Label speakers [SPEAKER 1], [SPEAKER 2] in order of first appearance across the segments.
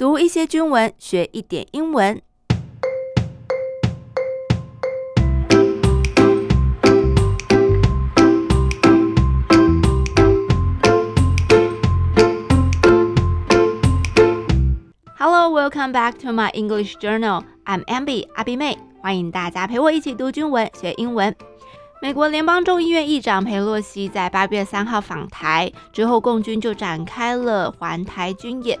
[SPEAKER 1] 讀一些軍文，學一點英文。Hello, welcome back to my English journal. I'm Ambi，阿碧妹。歡迎大家陪我一起讀軍文，學英文。美國聯邦眾議院議長佩洛西在八月三號訪台之後，共軍就展開了環台軍演。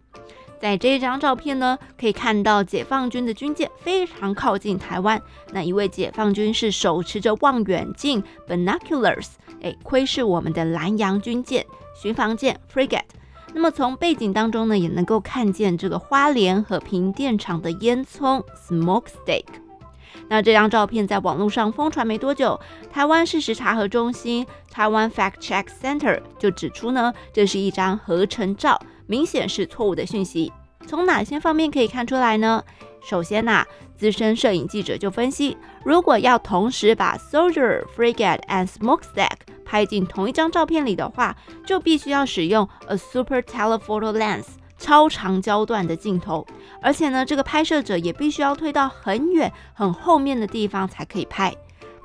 [SPEAKER 1] 在這張照片呢，可以看到解放軍的軍艦非常靠近台灣。那一位解放軍是手持着望遠鏡 （binoculars），哎，窺視我們的蘭陽軍艦巡防艦 （frigate）。那麼從背景當中呢，也能夠看見這個花蓮和平電廠的煙囪 （smokestack）。那這張照片在網絡上瘋傳沒多久，台灣事實查核中心 （Taiwan Fact Check Center） 就指出呢，這是一張合成照。明顯是錯誤的訊息，從哪些方面可以看出來呢？首先吶、啊，資深攝影記者就分析，如果要同時把 soldier, frigate and smokestack 拍進同一張照片裡的話，就必須要使用 a super telephoto lens 超長焦段的鏡頭，而且呢，這個拍攝者也必須要退到很遠很後面的地方才可以拍。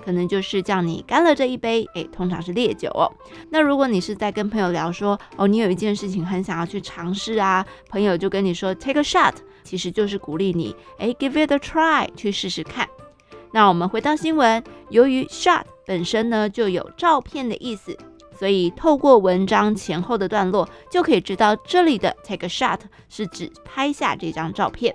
[SPEAKER 1] 可能就是叫你乾了這一杯，哎，通常是烈酒哦。那如果你是在跟朋友聊說，哦，你有一件事情很想要去嘗試啊，朋友就跟你說 take a shot，其實就是鼓勵你，哎，give it a try，去試試看。那我們回到新聞，由於 shot 本身呢就有照片的意思，所以透過文章前後的段落就可以知道這裡的 take a shot 是指拍下這張照片。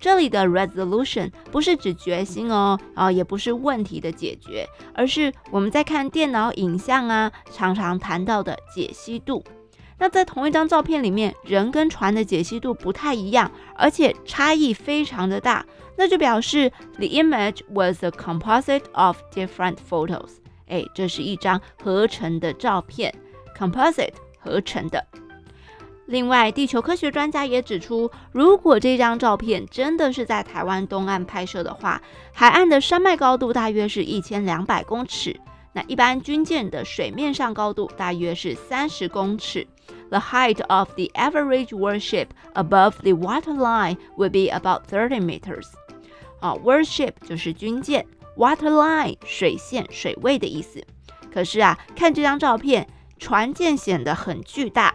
[SPEAKER 1] 這裡的 resolution 不是指決心哦，啊、哦，也不是問題的解決，而是我們在看電腦影像啊，常常談到的解析度。那在同一張照片裡面，人跟船的解析度不太一樣，而且差異非常的大。那就表示 the image was a composite of different photos。哎，這是一張合成的照片，composite 合成的。另外，地球科學專家也指出，如果這張照片真的是在台灣東岸拍攝的話，海岸的山脈高度大約是一千兩百公尺。那一般軍艦的水面上高度大約是三十公尺。The height of the average warship above the waterline would be about thirty meters。啊、uh，warship 就是軍艦，waterline 水線、水位的意思。可是啊，看這張照片，船艦顯得很巨大。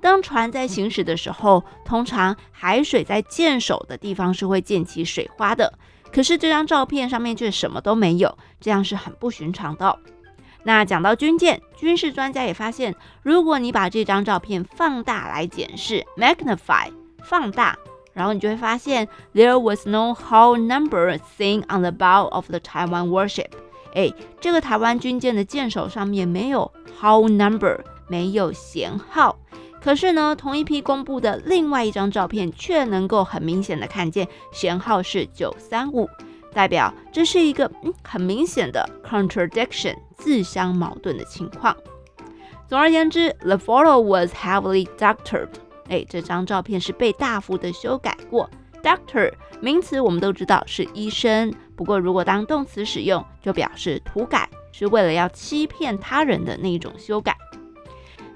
[SPEAKER 1] 當船在行駛的時候，通常海水在艦首的地方是會濺起水花的。可是這張照片上面卻什麼都沒有，這樣是很不尋常的。那講到軍艦，軍事專家也發現，如果你把這張照片放大來檢視 （magnify，放大），然後你就會發現 there was no hull number seen on the bow of the Taiwan warship。誒，這個台灣軍艦的艦首上面沒有 hull number，沒有舷號。可是呢，同一批公布的另外一張照片卻能夠很明顯的看見，舷號是九三五，代表這是一個、嗯、很明顯的 contradiction，自相矛盾的情況。總而言之，the photo was heavily doctored。哎，這張照片是被大幅的修改過。Doctor 名詞我們都知道是醫生，不過如果當動詞使用，就表示塗改是為了要欺騙他人的那一種修改。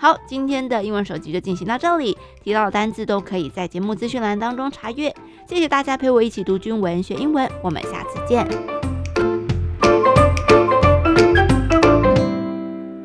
[SPEAKER 1] 好，今天的英文手機就進行到這裡。提到的單字都可以在節目資訊欄當中查閱。謝謝大家陪我一起讀軍文、學英文，我們下次見。